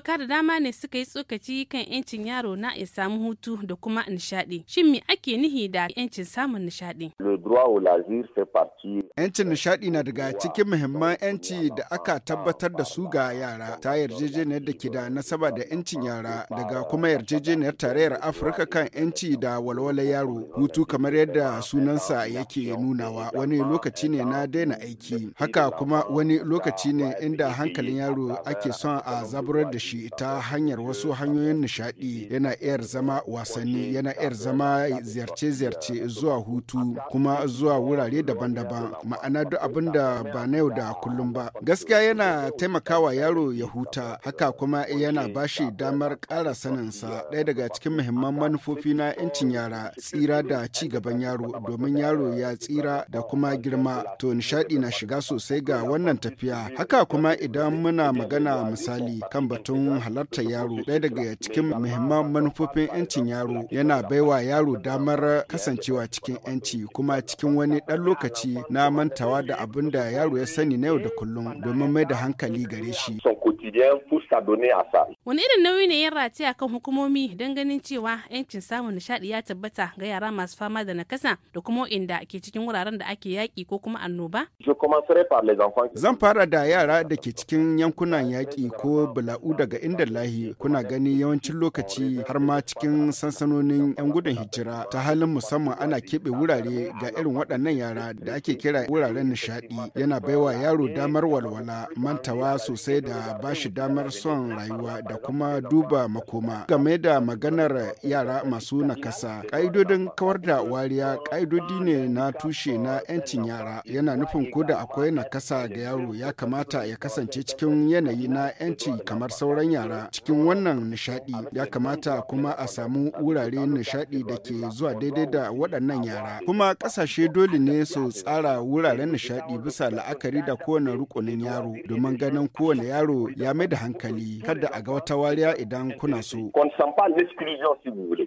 doka da dama ne suka yi tsokaci kan 'yancin yaro na ya samu hutu da kuma nishaɗi. Shin me ake nihi da 'yancin samun nishaɗi? 'Yancin nishaɗi na daga cikin muhimman 'yanci da aka tabbatar da su ga yara ta yarjejeniyar da ke da nasaba da 'yancin yara daga kuma yarjejeniyar tarayyar Afirka kan 'yanci da walwala yaro hutu kamar yadda sunansa yake nunawa wani lokaci ne na daina aiki haka kuma wani lokaci ne inda hankalin yaro ake son a zaburar da shi shi ta hanyar wasu hanyoyin nishaɗi yana iyar zama wasanni yana iyar zama ziyarce-ziyarce zuwa hutu kuma zuwa wurare daban-daban ma'ana duk abin da ba na yau da kullum ba gaskiya yana taimakawa yaro ya huta haka kuma yana bashi damar ƙara saninsa ɗaya daga cikin muhimman manufofi na 'yancin yara tsira da ci gaban yaro domin yaro ya tsira da kuma girma to nishaɗi na shiga sosai ga wannan tafiya haka kuma idan muna magana misali kan batun don halartar yaro ɗaya daga cikin muhimman manufofin 'yancin yaro yana baiwa yaro damar kasancewa cikin 'yanci kuma cikin wani ɗan lokaci na mantawa da abin da yaro ya sani na yau da kullum domin mai da hankali gare shi. wani irin nauyi ne ya rataya kan hukumomi don ganin cewa yancin samun nishadi ya tabbata ga yara masu fama da nakasa da kuma inda ke cikin wuraren da ake yaƙi ko kuma annoba? Zan fara da yara da ke cikin yankunan yaƙi ko bala'u daga inda lahi kuna gani yawancin lokaci har ma cikin sansanonin 'yan gudun hijira ta halin musamman ana keɓe wurare ga irin waɗannan yara da ake kira wuraren nishaɗi yana baiwa yaro damar walwala mantawa sosai da bashi damar son rayuwa da kuma duba makoma game da maganar yara masu nakasa ƙa'idodin kawar da wariya ka'idodi ne na tushe na 'yancin yara yana nufin ko da akwai nakasa ga yaro ya kamata ya kasance cikin yanayi na 'yanci kamar sauran yara cikin wannan nishadi ya kamata kuma a samu wurare nishadi da ke zuwa daidai da waɗannan yara kuma ƙasashe dole ne su tsara wuraren nishadi bisa la'akari da kowane rukunin yaro domin ganin kowane yaro ya mai da hankali kada a ga wata ta wariya idan kuna so.